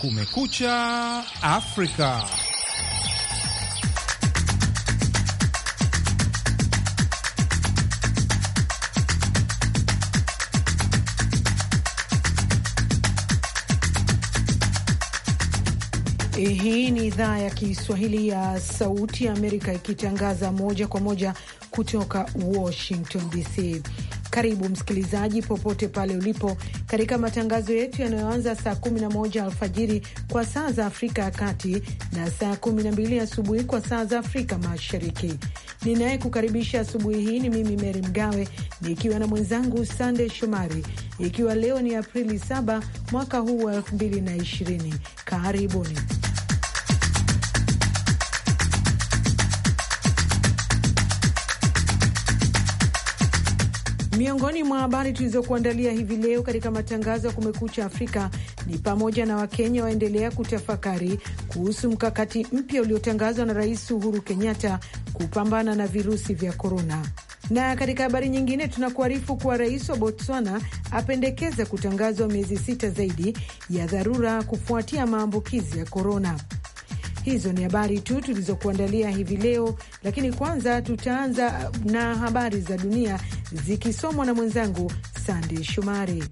Kumekucha Afrika. Hii ni idhaa ya Kiswahili ya Sauti ya Amerika ikitangaza moja kwa moja kutoka Washington DC. Karibu msikilizaji, popote pale ulipo, katika matangazo yetu yanayoanza saa 11 alfajiri kwa saa za Afrika ya Kati na saa 12 asubuhi kwa saa za Afrika Mashariki. Ninayekukaribisha asubuhi hii ni mimi Meri Mgawe nikiwa na mwenzangu Sande Shomari, ikiwa leo ni Aprili 7 mwaka huu wa 2020. Karibuni. Miongoni mwa habari tulizokuandalia hivi leo katika matangazo ya Kumekucha Afrika ni pamoja na Wakenya waendelea kutafakari kuhusu mkakati mpya uliotangazwa na Rais Uhuru Kenyatta kupambana na virusi vya korona na katika habari nyingine tunakuarifu kuwa rais wa Botswana apendekeza kutangazwa miezi sita zaidi ya dharura kufuatia maambukizi ya korona. Hizo ni habari tu tulizokuandalia hivi leo, lakini kwanza tutaanza uh, na habari za dunia zikisomwa na mwenzangu Sandey Shumari.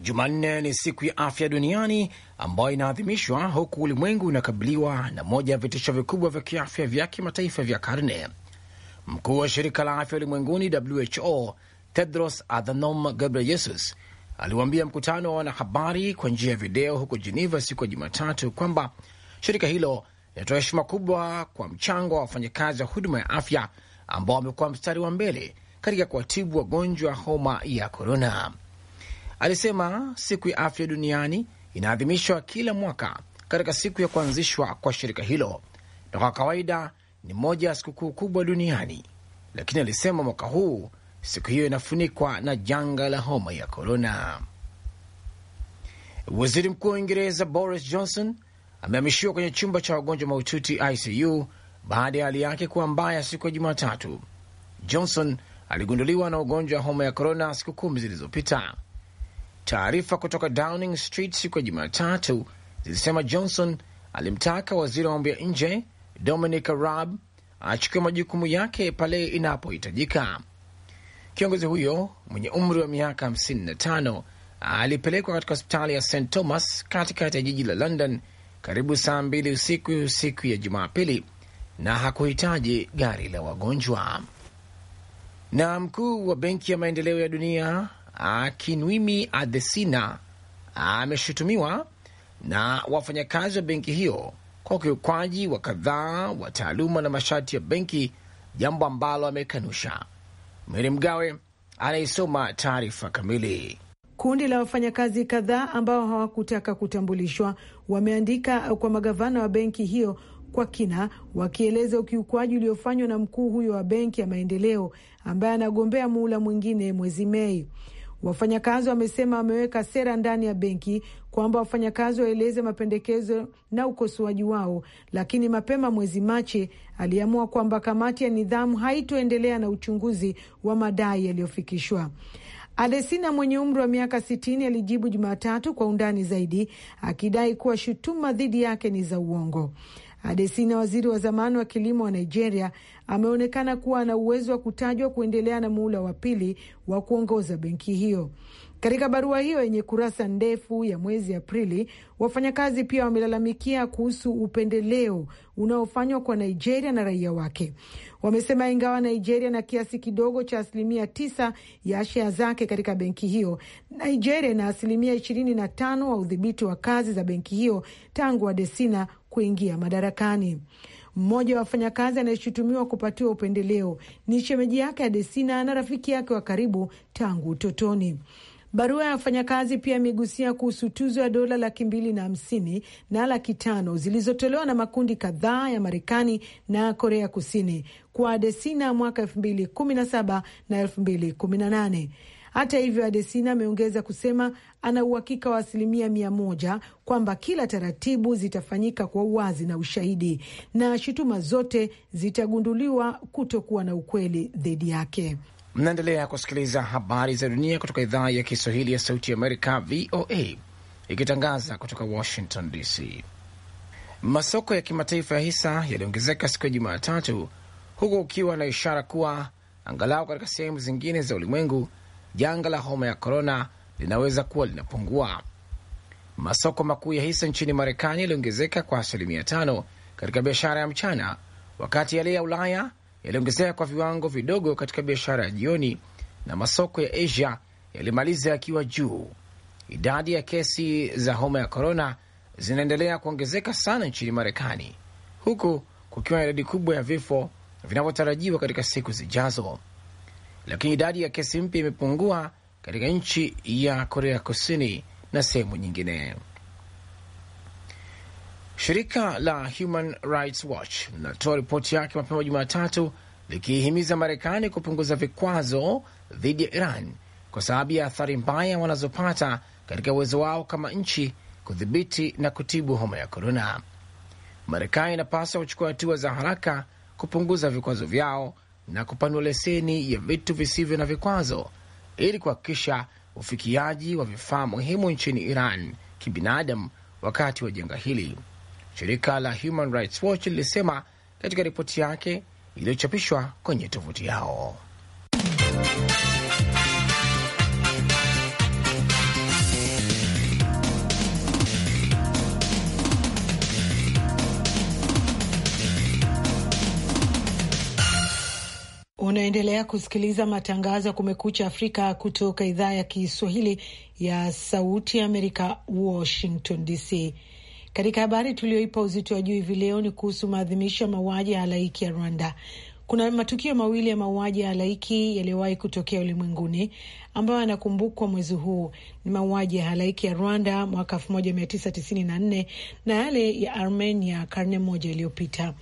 Jumanne ni siku ya afya duniani ambayo inaadhimishwa huku ulimwengu unakabiliwa na moja ya vitisho vikubwa vya kiafya vya kimataifa vya karne. Mkuu wa shirika la afya ulimwenguni WHO Tedros Adhanom Ghebreyesus aliwaambia mkutano wa wanahabari kwa njia ya video huko Geneva siku ya Jumatatu kwamba shirika hilo linatoa heshima kubwa kwa mchango wa wafanyakazi wa huduma ya afya ambao wamekuwa mstari wa mbele katika kuwatibu wagonjwa homa ya korona. Alisema siku ya afya duniani inaadhimishwa kila mwaka katika siku ya kuanzishwa kwa shirika hilo, na kwa kawaida ni moja ya sikukuu kubwa duniani, lakini alisema mwaka huu siku hiyo inafunikwa na janga la homa ya korona. Waziri Mkuu wa Uingereza Boris Johnson amehamishiwa kwenye chumba cha wagonjwa mahututi ICU baada ya hali yake kuwa mbaya siku ya Jumatatu. Johnson aligunduliwa na ugonjwa wa homa ya korona siku kumi zilizopita. Taarifa kutoka Downing Street siku ya Jumatatu zilisema Johnson alimtaka waziri wa mambo ya nje Dominic Raab achukue majukumu yake pale inapohitajika. Kiongozi huyo mwenye umri wa miaka 55 alipelekwa katika hospitali ya St Thomas katikati ya jiji la London karibu saa mbili usiku siku ya Jumapili na hakuhitaji gari la wagonjwa. Na mkuu wa Benki ya Maendeleo ya Dunia Akinwumi Adesina ameshutumiwa na wafanyakazi wa benki hiyo kwa ukiukwaji wa kadhaa wa taaluma na masharti ya benki, jambo ambalo amekanusha. Meri Mgawe anayesoma taarifa kamili. Kundi la wafanyakazi kadhaa ambao hawakutaka kutambulishwa wameandika kwa magavana wa benki hiyo kwa kina wakieleza ukiukwaji uliofanywa na mkuu huyo wa benki ya maendeleo ambaye anagombea muhula mwingine mwezi Mei. Wafanyakazi wamesema wameweka sera ndani ya benki kwamba wafanyakazi waeleze mapendekezo na ukosoaji wao, lakini mapema mwezi Machi aliamua kwamba kamati ya nidhamu haitoendelea na uchunguzi wa madai yaliyofikishwa. Adesina mwenye umri wa miaka sitini alijibu Jumatatu kwa undani zaidi akidai kuwa shutuma dhidi yake ni za uongo. Adesina, waziri wa zamani wa kilimo wa Nigeria, ameonekana kuwa ana uwezo wa kutajwa kuendelea na muhula wa pili wa kuongoza benki hiyo. Katika barua hiyo yenye kurasa ndefu ya mwezi Aprili, wafanyakazi pia wamelalamikia kuhusu upendeleo unaofanywa kwa Nigeria na raia wake. Wamesema ingawa Nigeria na kiasi kidogo cha asilimia tisa ya shea zake katika benki hiyo, Nigeria na asilimia ishirini na tano wa udhibiti wa kazi za benki hiyo tangu Adesina kuingia madarakani. Mmoja wa wafanyakazi anayeshutumiwa kupatiwa upendeleo ni shemeji yake Adesina na rafiki yake wa karibu tangu utotoni. Barua ya wafanyakazi pia imegusia kuhusu tuzo ya dola laki mbili na hamsini na laki tano zilizotolewa na makundi kadhaa ya Marekani na Korea Kusini kwa Adesina mwaka elfu mbili kumi na saba na elfu mbili kumi na nane. Hata hivyo, Adesina ameongeza kusema ana uhakika wa asilimia mia moja kwamba kila taratibu zitafanyika kwa uwazi na ushahidi na shutuma zote zitagunduliwa kutokuwa na ukweli dhidi yake. Mnaendelea kusikiliza habari za dunia kutoka idhaa ya Kiswahili ya Sauti Amerika, VOA, ikitangaza kutoka Washington DC. Masoko ya kimataifa ya hisa yaliongezeka siku ya Jumatatu, huku ukiwa na ishara kuwa angalau katika sehemu zingine za ulimwengu janga la homa ya korona linaweza kuwa linapungua. Masoko makuu ya hisa nchini Marekani yaliongezeka kwa asilimia tano katika biashara ya mchana, wakati yale ya Ulaya yaliongezeka kwa viwango vidogo katika biashara ya jioni, na masoko ya Asia yalimaliza yakiwa juu. Idadi ya kesi za homa ya korona zinaendelea kuongezeka sana nchini Marekani, huku kukiwa na idadi kubwa ya vifo vinavyotarajiwa katika siku zijazo lakini idadi ya kesi mpya imepungua katika nchi ya Korea Kusini na sehemu nyingine. Shirika la Human Rights Watch linatoa ripoti yake mapema Jumatatu likihimiza Marekani kupunguza vikwazo dhidi ya Iran kwa sababu ya athari mbaya wanazopata katika uwezo wao kama nchi kudhibiti na kutibu homa ya korona. Marekani inapaswa kuchukua hatua za haraka kupunguza vikwazo vyao na kupanua leseni ya vitu visivyo na vikwazo ili kuhakikisha ufikiaji wa vifaa muhimu nchini Iran kibinadamu wakati wa janga hili. Shirika la Human Rights Watch lilisema katika ripoti yake iliyochapishwa kwenye tovuti yao. Unaendelea kusikiliza matangazo ya Kumekucha Afrika kutoka idhaa ya Kiswahili ya Sauti ya Amerika, Washington DC. Katika habari tuliyoipa uzito wa juu hivi leo ni kuhusu maadhimisho ya mauaji ya halaiki ya Rwanda. Kuna matukio mawili ya mauaji ya halaiki yaliyowahi kutokea ulimwenguni ambayo yanakumbukwa mwezi huu. Ni mauaji ya halaiki ya Rwanda mwaka 1994 na yale ya Armenia karne moja iliyopita.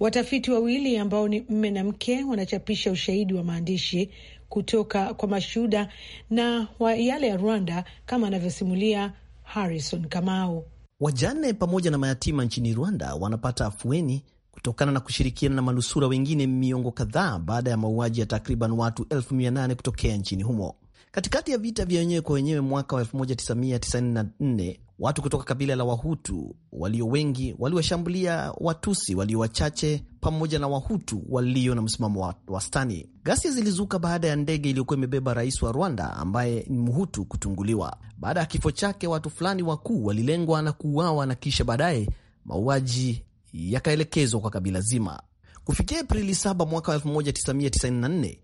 Watafiti wawili ambao ni mme na mke wanachapisha ushahidi wa maandishi kutoka kwa mashuhuda na wa yale ya Rwanda, kama anavyosimulia Harrison Kamau. Wajane pamoja na mayatima nchini Rwanda wanapata afueni kutokana na kushirikiana na manusura wengine miongo kadhaa baada ya mauaji ya takriban watu 8 kutokea nchini humo katikati ya vita vya wenyewe kwa wenyewe mwaka wa 1994. Watu kutoka kabila la Wahutu walio wengi waliwashambulia Watusi walio wachache pamoja na Wahutu walio na msimamo wa wastani. Ghasia zilizuka baada ya ndege iliyokuwa imebeba rais wa Rwanda ambaye ni Mhutu kutunguliwa. Baada ya kifo chake, watu fulani wakuu walilengwa na kuuawa, na kisha baadaye mauaji yakaelekezwa kwa kabila zima. Kufikia Aprili 7 mwaka 1994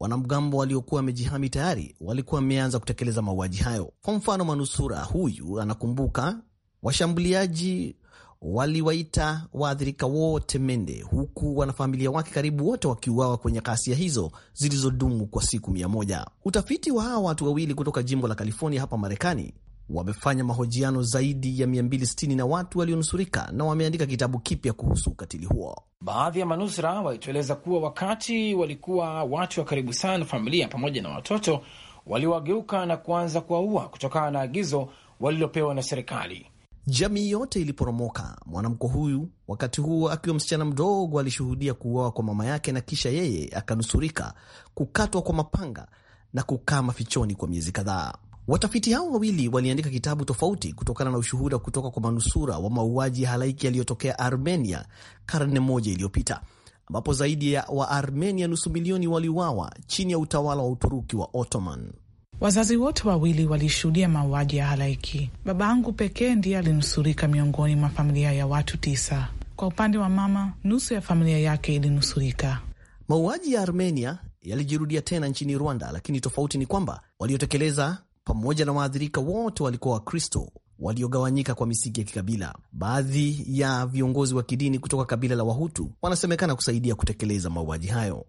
Wanamgambo waliokuwa wamejihami tayari walikuwa wameanza kutekeleza mauaji hayo. Kwa mfano, manusura huyu anakumbuka washambuliaji waliwaita waathirika wote mende, huku wanafamilia wake karibu wote wakiuawa kwenye ghasia hizo zilizodumu kwa siku mia moja. Utafiti wa hawa watu wawili kutoka jimbo la California hapa Marekani wamefanya mahojiano zaidi ya 260 na watu walionusurika na wameandika kitabu kipya kuhusu ukatili huo. Baadhi ya manusura walitueleza kuwa wakati walikuwa watu wa karibu sana, familia pamoja na watoto, waliwageuka na kuanza kuwaua kutokana na agizo walilopewa na serikali. Jamii yote iliporomoka. Mwanamke huyu wakati huo akiwa msichana mdogo alishuhudia kuuawa kwa mama yake na kisha yeye akanusurika kukatwa kwa mapanga na kukaa mafichoni kwa miezi kadhaa. Watafiti hao wawili waliandika kitabu tofauti kutokana na ushuhuda kutoka kwa manusura wa mauaji ya halaiki yaliyotokea Armenia karne moja iliyopita, ambapo zaidi ya Waarmenia nusu milioni waliuawa chini ya utawala wa Uturuki wa Ottoman. Wazazi wote wawili walishuhudia mauaji ya halaiki. baba angu pekee ndiye alinusurika miongoni mwa familia ya watu tisa. Kwa upande wa mama, nusu ya familia yake ilinusurika. Mauaji ya Armenia yalijirudia tena nchini Rwanda, lakini tofauti ni kwamba waliotekeleza pamoja na waathirika wote walikuwa Wakristo waliogawanyika kwa misingi ya kikabila. Baadhi ya viongozi wa kidini kutoka kabila la Wahutu wanasemekana kusaidia kutekeleza mauaji hayo.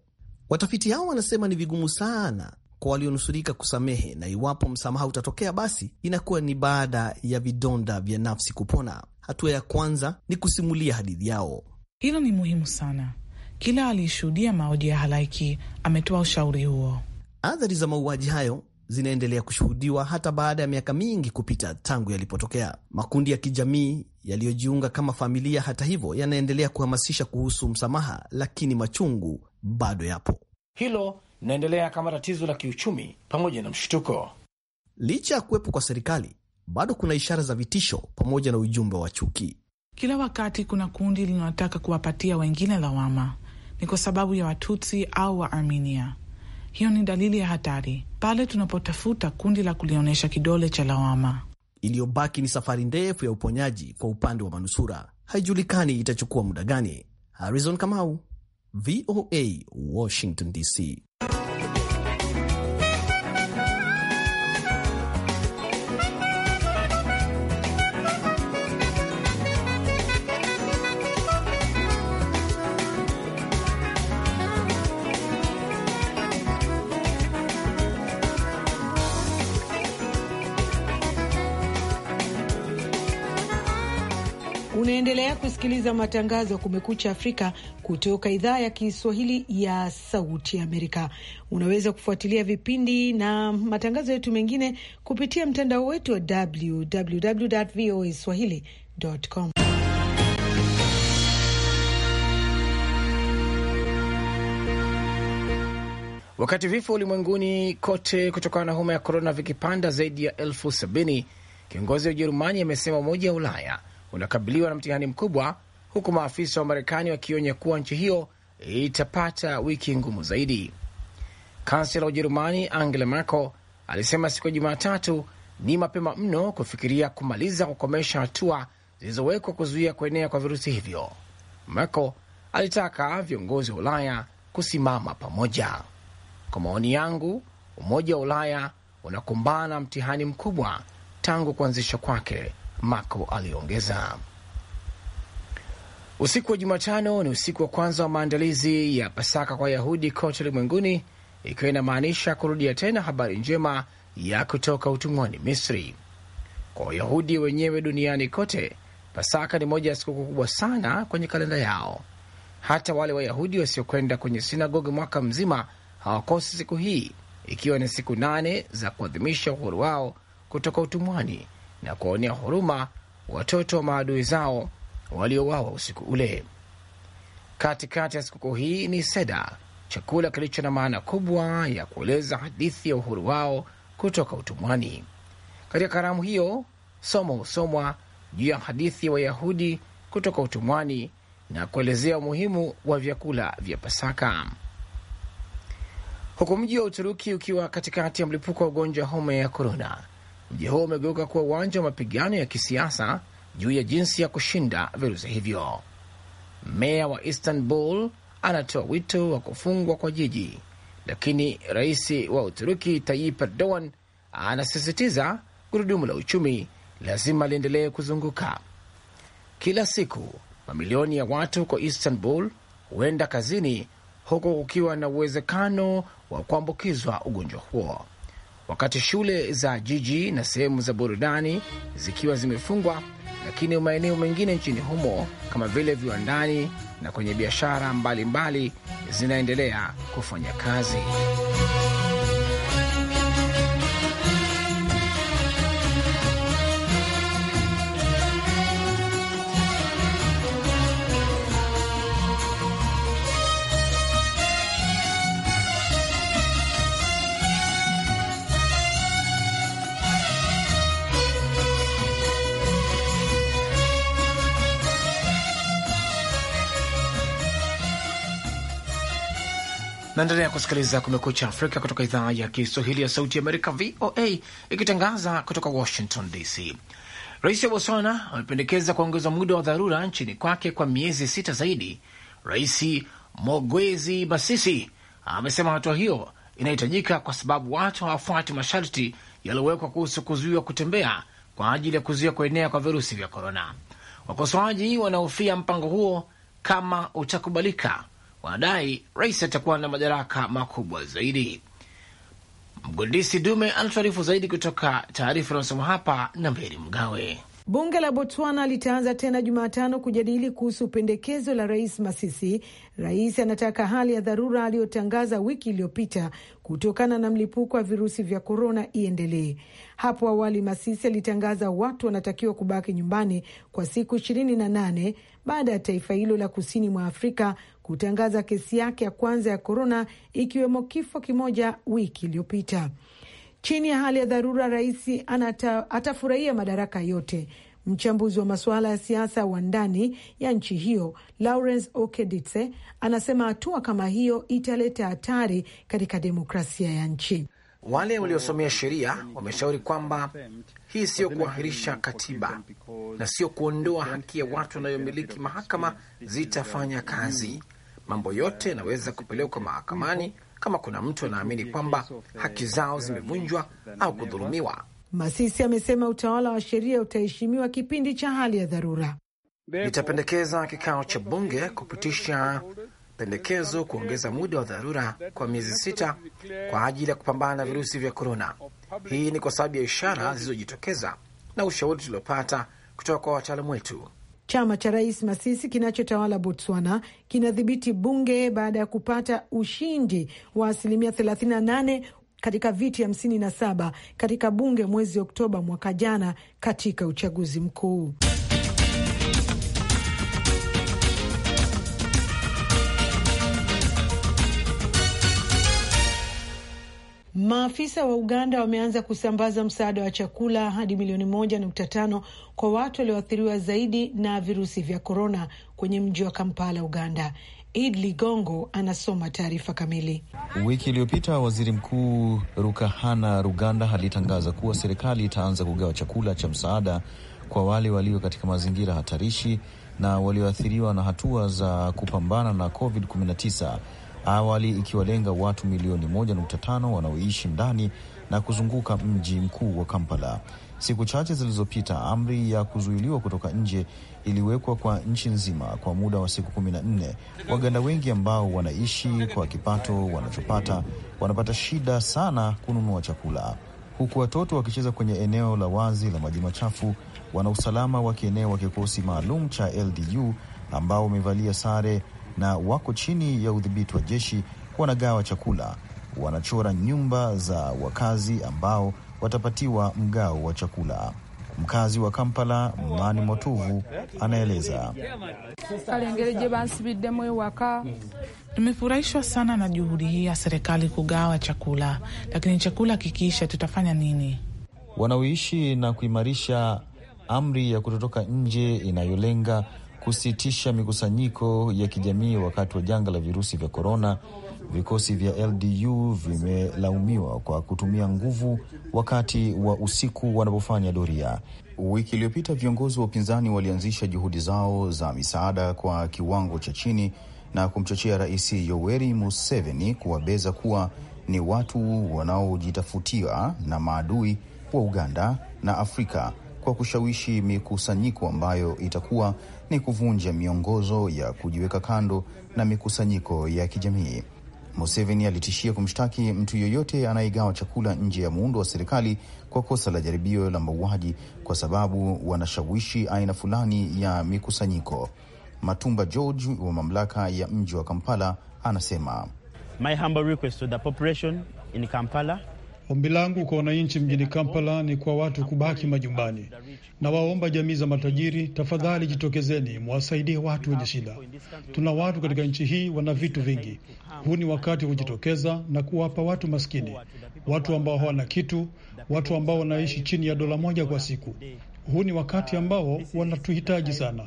Watafiti hao wanasema ni vigumu sana kwa walionusurika kusamehe, na iwapo msamaha utatokea, basi inakuwa ni baada ya vidonda vya nafsi kupona. Hatua ya kwanza ni kusimulia hadithi yao. Hilo ni muhimu sana. Kila aliyeshuhudia mauaji ya halaiki ametoa ushauri huo. Athari za mauaji hayo zinaendelea kushuhudiwa hata baada ya miaka mingi kupita tangu yalipotokea. Makundi ya kijamii yaliyojiunga kama familia, hata hivyo, yanaendelea kuhamasisha kuhusu msamaha, lakini machungu bado yapo. Hilo linaendelea kama tatizo la kiuchumi pamoja na mshtuko. Licha ya kuwepo kwa serikali, bado kuna ishara za vitisho pamoja na ujumbe wa chuki. Kila wakati kuna kundi linaotaka kuwapatia wengine lawama, ni kwa sababu ya Watutsi au waarminia hiyo ni dalili ya hatari pale tunapotafuta kundi la kulionyesha kidole cha lawama. Iliyobaki ni safari ndefu ya uponyaji kwa upande wa manusura. Haijulikani itachukua muda gani. Harrison Kamau, VOA, Washington DC. kusikiliza matangazo ya Kumekucha Afrika kutoka idhaa ya Kiswahili ya Sauti Amerika. Unaweza kufuatilia vipindi na matangazo yetu mengine kupitia mtandao wetu wa www voa swahili.com. Wakati vifo ulimwenguni kote kutokana na homa ya korona vikipanda zaidi ya elfu sabini, kiongozi wa Ujerumani amesema Umoja wa Ulaya unakabiliwa na mtihani mkubwa huku maafisa wa Marekani wakionya kuwa nchi hiyo itapata wiki ngumu zaidi. Kansela wa Ujerumani Angela Merkel alisema siku ya Jumatatu ni mapema mno kufikiria kumaliza kukomesha hatua zilizowekwa kuzuia kuenea kwa virusi hivyo. Merkel alitaka viongozi wa Ulaya kusimama pamoja. Kwa maoni yangu, Umoja wa Ulaya unakumbana mtihani mkubwa tangu kuanzishwa kwake, Merkel aliongeza. Usiku wa Jumatano ni usiku wa kwanza wa maandalizi ya Pasaka kwa Yahudi kote ulimwenguni, ikiwa inamaanisha kurudia tena habari njema ya kutoka utumwani Misri. Kwa Wayahudi wenyewe duniani kote, Pasaka ni moja ya sikukuu kubwa sana kwenye kalenda yao. Hata wale Wayahudi wasiokwenda kwenye sinagogi mwaka mzima hawakosi siku hii, ikiwa ni siku nane za kuadhimisha uhuru wao kutoka utumwani na kuwaonea huruma watoto wa maadui zao waliowawa usiku ule. Katikati ya sikukuu hii ni seda, chakula kilicho na maana kubwa ya kueleza hadithi ya uhuru wao kutoka utumwani. Katika karamu hiyo, somo husomwa juu ya hadithi ya wa Wayahudi kutoka utumwani na kuelezea umuhimu wa vyakula vya Pasaka. Huku mji wa Uturuki ukiwa katikati ya mlipuko wa ugonjwa homa ya korona, mji huo umegeuka kuwa uwanja wa mapigano ya kisiasa juu ya jinsi ya kushinda virusi hivyo. Meya wa Istanbul anatoa wito wa kufungwa kwa jiji, lakini rais wa Uturuki Tayyip Erdogan anasisitiza gurudumu la uchumi lazima liendelee kuzunguka. Kila siku mamilioni ya watu kwa Istanbul huenda kazini huku kukiwa na uwezekano wa kuambukizwa ugonjwa huo, wakati shule za jiji na sehemu za burudani zikiwa zimefungwa lakini maeneo mengine nchini humo kama vile viwandani na kwenye biashara mbalimbali zinaendelea kufanya kazi. Naendelea kusikiliza Kumekucha Afrika kutoka idhaa ya Kiswahili ya Sauti Amerika, VOA, ikitangaza kutoka Washington DC. Rais wa Botswana amependekeza kuongeza muda wa dharura nchini kwake kwa miezi sita zaidi. Rais Mogwezi Masisi amesema hatua hiyo inahitajika kwa sababu watu hawafuati masharti yaliyowekwa kuhusu kuzuiwa kutembea kwa ajili ya kuzuia kuenea kwa virusi vya korona. Wakosoaji wanahofia mpango huo kama utakubalika wanadai rais atakuwa na madaraka makubwa zaidi. Mgundisi Dume anatuarifu zaidi kutoka taarifa inayosoma hapa na Meri Mgawe. Bunge la Botswana litaanza tena Jumatano kujadili kuhusu pendekezo la rais Masisi. Rais anataka hali ya dharura aliyotangaza wiki iliyopita kutokana na mlipuko wa virusi vya korona iendelee. Hapo awali, Masisi alitangaza watu wanatakiwa kubaki nyumbani kwa siku ishirini na nane baada ya taifa hilo la kusini mwa Afrika kutangaza kesi yake ya kwanza ya korona, ikiwemo kifo kimoja wiki iliyopita. Chini ya hali ya dharura, rais atafurahia madaraka yote. Mchambuzi wa masuala ya siasa wa ndani ya nchi hiyo Lawrence Okeditse anasema hatua kama hiyo italeta hatari katika demokrasia ya nchi. Wale waliosomea sheria wameshauri kwamba hii siyo kuahirisha katiba na sio kuondoa haki ya watu wanayomiliki. Mahakama zitafanya kazi Mambo yote yanaweza kupelekwa mahakamani kama kuna mtu anaamini kwamba haki zao zimevunjwa au kudhulumiwa. Masisi amesema utawala wa sheria utaheshimiwa kipindi cha hali ya dharura. Nitapendekeza kikao cha bunge kupitisha pendekezo kuongeza muda wa dharura kwa miezi sita kwa ajili ya kupambana na virusi vya korona. Hii ni kwa sababu ya ishara zilizojitokeza na ushauri tuliopata kutoka kwa wataalamu wetu. Chama cha Rais Masisi kinachotawala Botswana kinadhibiti bunge baada ya kupata ushindi wa asilimia 38 katika viti 57 katika bunge mwezi Oktoba mwaka jana katika uchaguzi mkuu. Maafisa wa Uganda wameanza kusambaza msaada wa chakula hadi milioni moja nukta tano kwa watu walioathiriwa zaidi na virusi vya korona kwenye mji wa Kampala, Uganda. Id Ligongo anasoma taarifa kamili. Wiki iliyopita waziri mkuu Rukahana Ruganda alitangaza kuwa serikali itaanza kugawa chakula cha msaada kwa wale walio katika mazingira hatarishi na walioathiriwa na hatua za kupambana na COVID-19 awali ikiwalenga watu milioni 1.5 wanaoishi ndani na kuzunguka mji mkuu wa Kampala. Siku chache zilizopita, amri ya kuzuiliwa kutoka nje iliwekwa kwa nchi nzima kwa muda wa siku kumi na nne. Waganda wengi ambao wanaishi kwa kipato wanachopata wanapata shida sana kununua chakula, huku watoto wakicheza kwenye eneo la wazi la maji machafu. Wana usalama wa kieneo wa kikosi maalum cha LDU ambao wamevalia sare na wako chini ya udhibiti wa jeshi, wanagawa chakula, wanachora nyumba za wakazi ambao watapatiwa mgao wa chakula. Mkazi wa Kampala Mani Motuvu anaeleza, tumefurahishwa sana na juhudi hii ya serikali kugawa chakula, lakini chakula kikiisha tutafanya nini? Wanaoishi na kuimarisha amri ya kutotoka nje inayolenga kusitisha mikusanyiko ya kijamii wakati wa janga la virusi vya korona, vikosi vya LDU vimelaumiwa kwa kutumia nguvu wakati wa usiku wanapofanya doria. Wiki iliyopita viongozi wa upinzani walianzisha juhudi zao za misaada kwa kiwango cha chini na kumchochea Rais Yoweri Museveni kuwabeza kuwa ni watu wanaojitafutia na maadui wa Uganda na Afrika kwa kushawishi mikusanyiko ambayo itakuwa ni kuvunja miongozo ya kujiweka kando na mikusanyiko ya kijamii. Museveni alitishia kumshtaki mtu yeyote anayegawa chakula nje ya muundo wa serikali kwa kosa la jaribio la mauaji kwa sababu wanashawishi aina fulani ya mikusanyiko. Matumba George wa mamlaka ya mji wa Kampala anasema My humble request to the population in Kampala Ombi langu kwa wananchi mjini Kampala ni kwa watu kubaki majumbani. Nawaomba jamii za matajiri, tafadhali jitokezeni, mwasaidie watu wenye shida. Tuna watu katika nchi hii wana vitu vingi. Huu ni wakati wa kujitokeza na kuwapa watu maskini, watu ambao hawana kitu, watu ambao wanaishi chini ya dola moja kwa siku. Huu ni wakati ambao wanatuhitaji sana.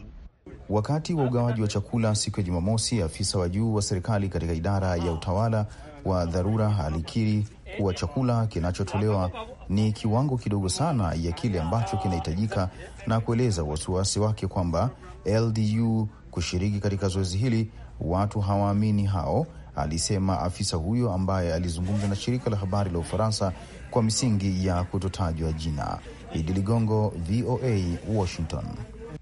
Wakati wa ugawaji wa chakula siku ya Jumamosi, afisa wa juu wa serikali katika idara ya utawala wa dharura alikiri kuwa chakula kinachotolewa ni kiwango kidogo sana ya kile ambacho kinahitajika na kueleza wasiwasi wake kwamba LDU kushiriki katika zoezi hili watu hawaamini hao, alisema afisa huyo ambaye alizungumza na shirika la habari la Ufaransa kwa misingi ya kutotajwa jina. Idi Ligongo, VOA, Washington.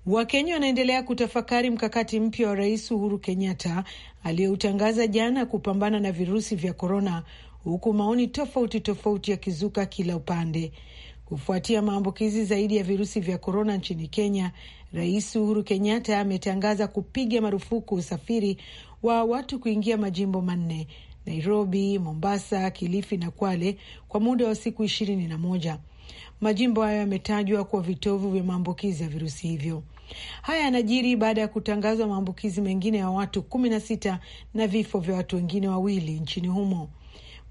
Wakenya wanaendelea kutafakari mkakati mpya wa Rais Uhuru Kenyatta aliyeutangaza jana kupambana na virusi vya korona, huku maoni tofauti tofauti yakizuka kila upande kufuatia maambukizi zaidi ya virusi vya korona nchini Kenya. Rais Uhuru Kenyatta ametangaza kupiga marufuku usafiri wa watu kuingia majimbo manne Nairobi, Mombasa, Kilifi na Kwale kwa muda wa siku ishirini na moja. Majimbo hayo yametajwa kuwa vitovu vya maambukizi ya virusi hivyo. Haya yanajiri baada ya kutangazwa maambukizi mengine ya watu kumi na sita na vifo vya watu wengine wawili nchini humo.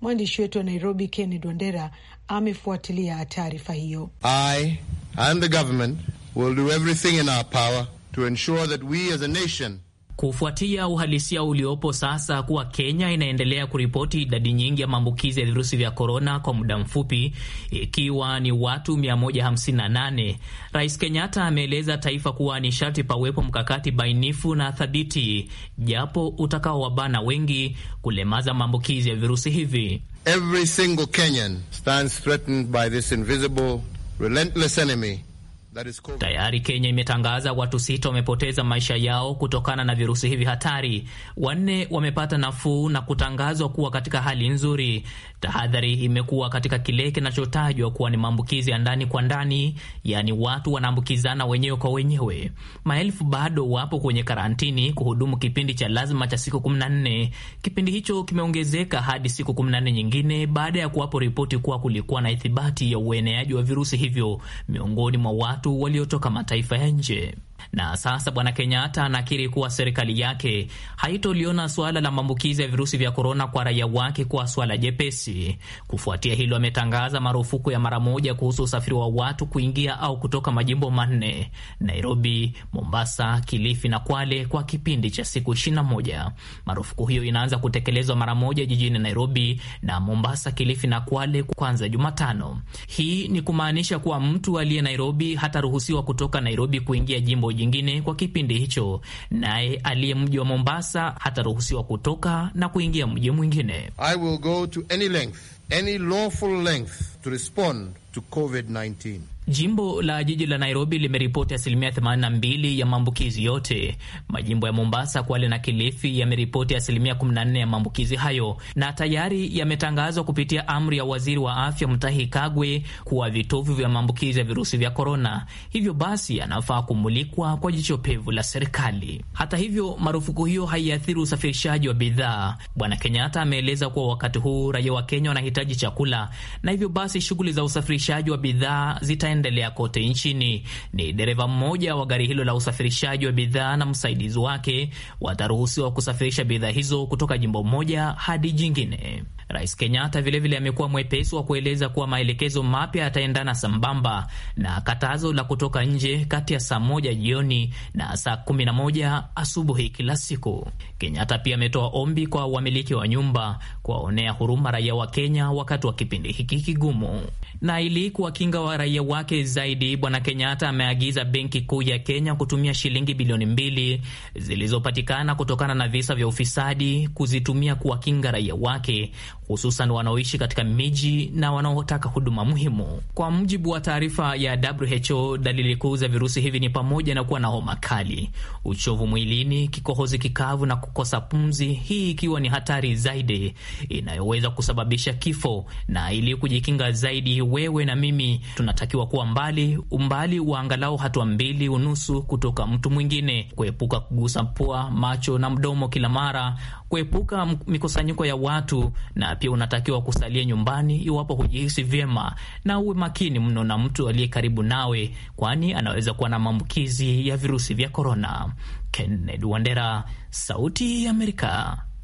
Mwandishi wetu wa Nairobi, Kenneth Wandera, amefuatilia taarifa hiyo. I and the government will do everything in our power to ensure that we as a nation Kufuatia uhalisia uliopo sasa kuwa Kenya inaendelea kuripoti idadi nyingi ya maambukizi ya virusi vya korona kwa muda mfupi, ikiwa ni watu 158, Rais Kenyatta ameeleza taifa kuwa ni sharti pawepo mkakati bainifu na thabiti, japo utakaowabana wengi, kulemaza maambukizi ya virusi hivi. Every single Kenyan stands threatened by this invisible relentless enemy Tayari Kenya imetangaza watu sita wamepoteza maisha yao kutokana na virusi hivi hatari, wanne wamepata nafuu na kutangazwa kuwa katika hali nzuri. Tahadhari imekuwa katika kile kinachotajwa kuwa ni maambukizi ya ndani kwa ndani, yaani watu wanaambukizana wenyewe kwa wenyewe. Maelfu bado wapo kwenye karantini kuhudumu kipindi cha lazima cha siku 14. Kipindi hicho kimeongezeka hadi siku 14 nyingine baada ya kuwapo ripoti kuwa kulikuwa na ithibati ya ueneaji wa virusi hivyo miongoni mwa watu watu waliotoka mataifa ya nje. Na sasa Bwana Kenyatta anakiri kuwa serikali yake haitoliona suala la maambukizi ya virusi vya korona kwa raia wake kuwa swala jepesi. Kufuatia hilo, ametangaza marufuku ya mara moja kuhusu usafiri wa watu kuingia au kutoka majimbo manne, Nairobi, Mombasa, Kilifi na Kwale, kwa kipindi cha siku 21. Marufuku hiyo inaanza kutekelezwa mara moja jijini Nairobi na Mombasa, Kilifi na Kwale kwanza Jumatano. Hii ni kumaanisha kuwa mtu aliye Nairobi hataruhusiwa kutoka Nairobi kuingia jimbo jambo jingine kwa kipindi hicho, naye aliye mji wa Mombasa hataruhusiwa kutoka na kuingia mji mwingine. I will go to any length, any lawful length to respond to COVID-19. Jimbo la jiji la Nairobi limeripoti asilimia 82 ya maambukizi yote. Majimbo ya Mombasa, Kwale na Kilifi yameripoti asilimia 14 ya maambukizi hayo, na tayari yametangazwa kupitia amri ya waziri wa afya mtahi Kagwe kuwa vitovu vya maambukizi ya virusi vya korona, hivyo basi yanafaa kumulikwa kwa jicho pevu la serikali. Hata hivyo, marufuku hiyo haiathiri usafirishaji wa bidhaa. Bwana Kenyatta ameeleza kuwa wakati huu raia wa Kenya wanahitaji chakula na hivyo basi shughuli za usafirishaji wa bidhaa zita unaendelea kote nchini. Ni dereva mmoja wa gari hilo la usafirishaji wa bidhaa na msaidizi wake wataruhusiwa kusafirisha bidhaa hizo kutoka jimbo moja hadi jingine. Rais Kenyatta vilevile amekuwa mwepesi wa kueleza kuwa maelekezo mapya yataendana sambamba na katazo la kutoka nje kati ya saa moja jioni na saa kumi na moja asubuhi kila siku. Kenyatta pia ametoa ombi kwa wamiliki wa nyumba kuwaonea huruma raia wa Kenya wakati wa kipindi hiki kigumu, na ili kuwakinga wa raia wake wake zaidi, Bwana Kenyatta ameagiza Benki Kuu ya Kenya kutumia shilingi bilioni mbili zilizopatikana kutokana na visa vya ufisadi kuzitumia kuwakinga raia wake, hususan wanaoishi katika miji na wanaotaka huduma muhimu. Kwa mujibu wa taarifa ya WHO, dalili kuu za virusi hivi ni pamoja na kuwa na homa kali, uchovu mwilini, kikohozi kikavu na kukosa pumzi, hii ikiwa ni hatari zaidi inayoweza kusababisha kifo. Na ili kujikinga zaidi, wewe na mimi tunatakiwa kuwa kuwa mbali, umbali wa angalau hatua mbili unusu kutoka mtu mwingine, kuepuka kugusa pua, macho na mdomo kila mara, kuepuka mikusanyiko ya watu, na pia unatakiwa kusalia nyumbani iwapo hujihisi vyema, na uwe makini mno na mtu aliye karibu nawe, kwani anaweza kuwa na maambukizi ya virusi vya korona. Kennedy Wandera, Sauti ya Amerika,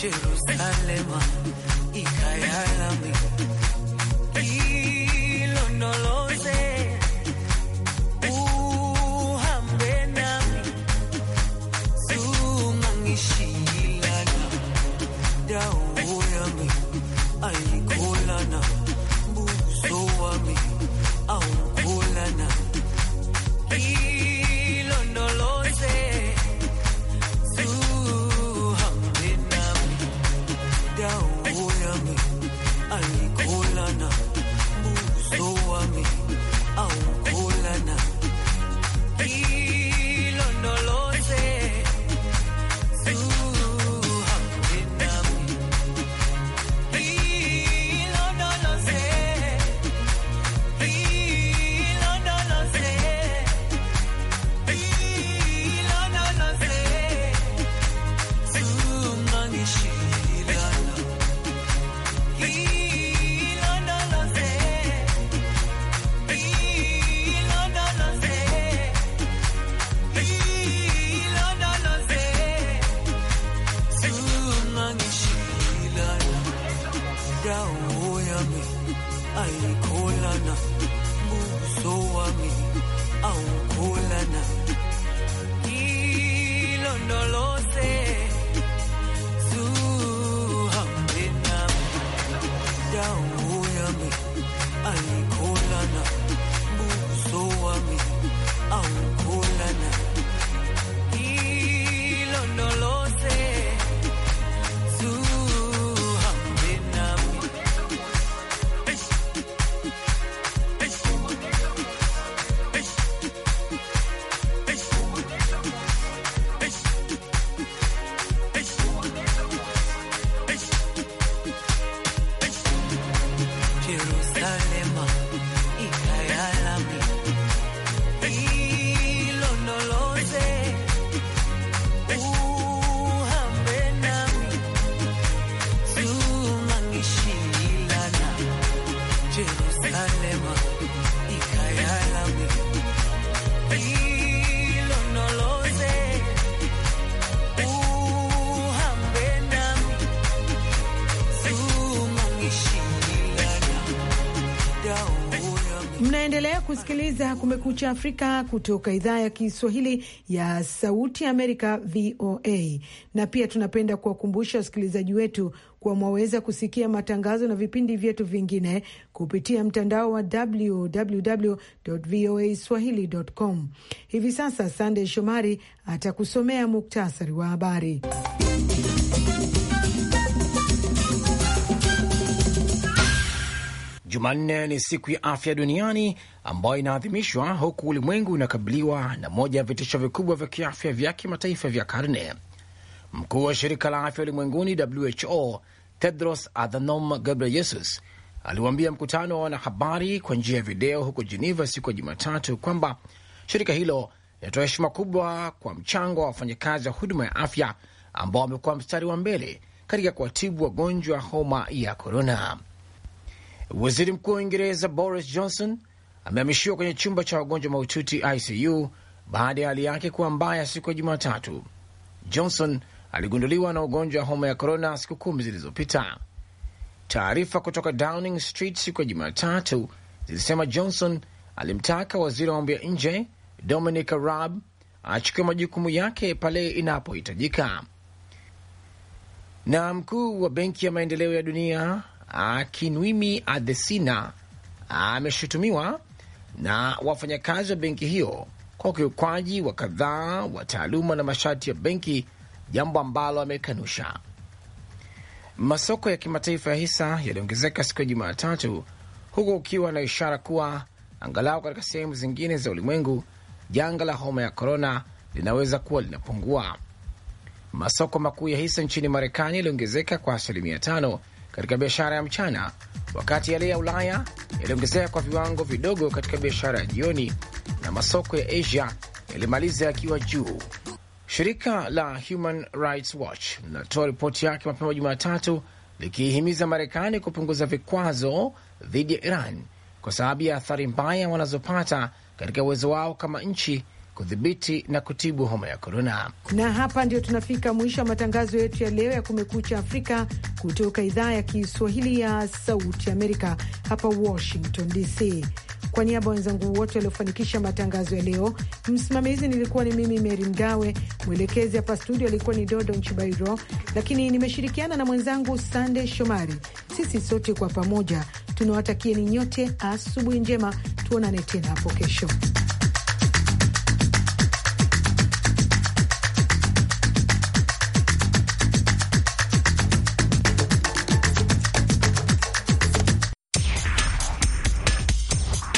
Jerusalem, Ikaya. Kumekucha Afrika kutoka idhaa ya Kiswahili ya Sauti Amerika, VOA. Na pia tunapenda kuwakumbusha wasikilizaji wetu kuwa mwaweza kusikia matangazo na vipindi vyetu vingine kupitia mtandao wa www voa swahili.com. Hivi sasa, Sandey Shomari atakusomea muktasari wa habari. Jumanne ni siku ya afya duniani ambayo inaadhimishwa huku ulimwengu unakabiliwa na moja ya vitisho vikubwa vya kiafya vya kimataifa vya karne. Mkuu wa shirika la afya ulimwenguni WHO Tedros Adhanom Ghebreyesus aliwaambia mkutano wa wanahabari kwa njia ya video huko Geneva siku ya Jumatatu kwamba shirika hilo linatoa heshima kubwa kwa mchango wa wafanyakazi wa huduma ya afya ambao wamekuwa mstari wa mbele katika kuwatibu wagonjwa homa ya korona. Waziri Mkuu wa Uingereza Boris Johnson amehamishiwa kwenye chumba cha wagonjwa mahututi ICU baada ya hali yake kuwa mbaya siku ya Jumatatu. Johnson aligunduliwa na ugonjwa wa homa ya korona siku kumi zilizopita. Taarifa kutoka Downing Street siku ya Jumatatu zilisema Johnson alimtaka waziri wa mambo ya nje Dominic Raab achukue majukumu yake pale inapohitajika. Na mkuu wa Benki ya Maendeleo ya Dunia Kinwimi Adesina ameshutumiwa na wafanyakazi wa benki hiyo kwa ukiukwaji wa kadhaa wa taaluma na masharti ya benki, jambo ambalo amekanusha. Masoko ya kimataifa ya hisa yaliongezeka siku ya Jumatatu, huku ukiwa na ishara kuwa angalau katika sehemu zingine za ulimwengu janga la homa ya korona linaweza kuwa linapungua. Masoko makuu ya hisa nchini Marekani yaliongezeka kwa asilimia tano katika biashara ya mchana, wakati yale ya Ulaya yaliongezeka kwa viwango vidogo katika biashara ya jioni na masoko ya Asia yalimaliza yakiwa juu. Shirika la Human Rights Watch linatoa ripoti yake mapema Jumatatu likiihimiza Marekani kupunguza vikwazo dhidi ya Iran kwa sababu ya athari mbaya wanazopata katika uwezo wao kama nchi kudhibiti na kutibu homa ya korona. Na hapa ndio tunafika mwisho wa matangazo yetu ya leo ya Kumekucha Afrika kutoka idhaa ya Kiswahili ya Sauti Amerika hapa Washington DC. Kwa niaba ya wenzangu wote waliofanikisha matangazo ya leo, msimamizi nilikuwa ni mimi Meri Mgawe, mwelekezi hapa studio alikuwa ni Dodo Nchibairo, lakini nimeshirikiana na mwenzangu Sande Shomari. Sisi sote kwa pamoja tunawatakieni nyote asubuhi njema, tuonane tena hapo kesho.